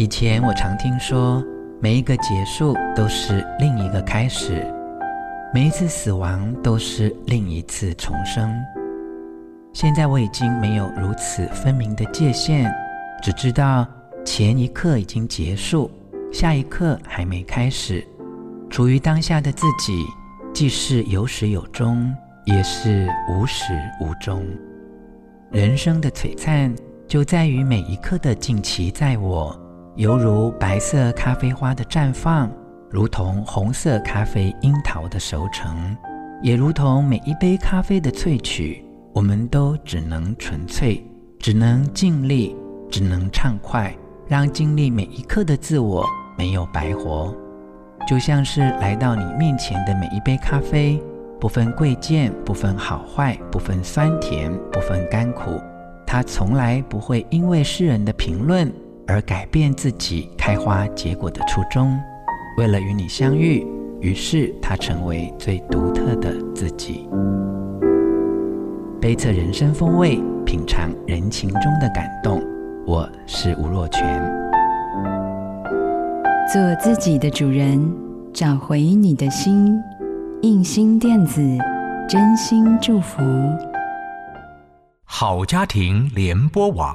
以前我常聽說，每一個結束都是另一個開始，每一次死亡都是另一次重生。現在我已經沒有如此分明的界限，只知道前一刻已經結束，下一刻還沒開始。處於當下的自己，既是有始有終，也是無始無終。人生的璀璨就在於每一刻的盡其在我。猶如白色咖啡花的綻放，如同紅色咖啡櫻桃的熟成，也如同每一杯咖啡的萃取，我們都只能純粹，只能盡力，只能暢快，讓經歷每一刻的自我沒有白活。就像是來到你面前的每一杯咖啡，不分貴賤，不分好壞，不分酸甜，不分甘苦，它從來不會因為世人的評論。而改變自己開花結果的初衷，為了與你相遇，於是他成為最獨特的自己。杯測人生風味，品嘗人情中的感動。我是吳若權。做自己的主人，找回你的心。映興電子，真心祝福。好家庭聯播網。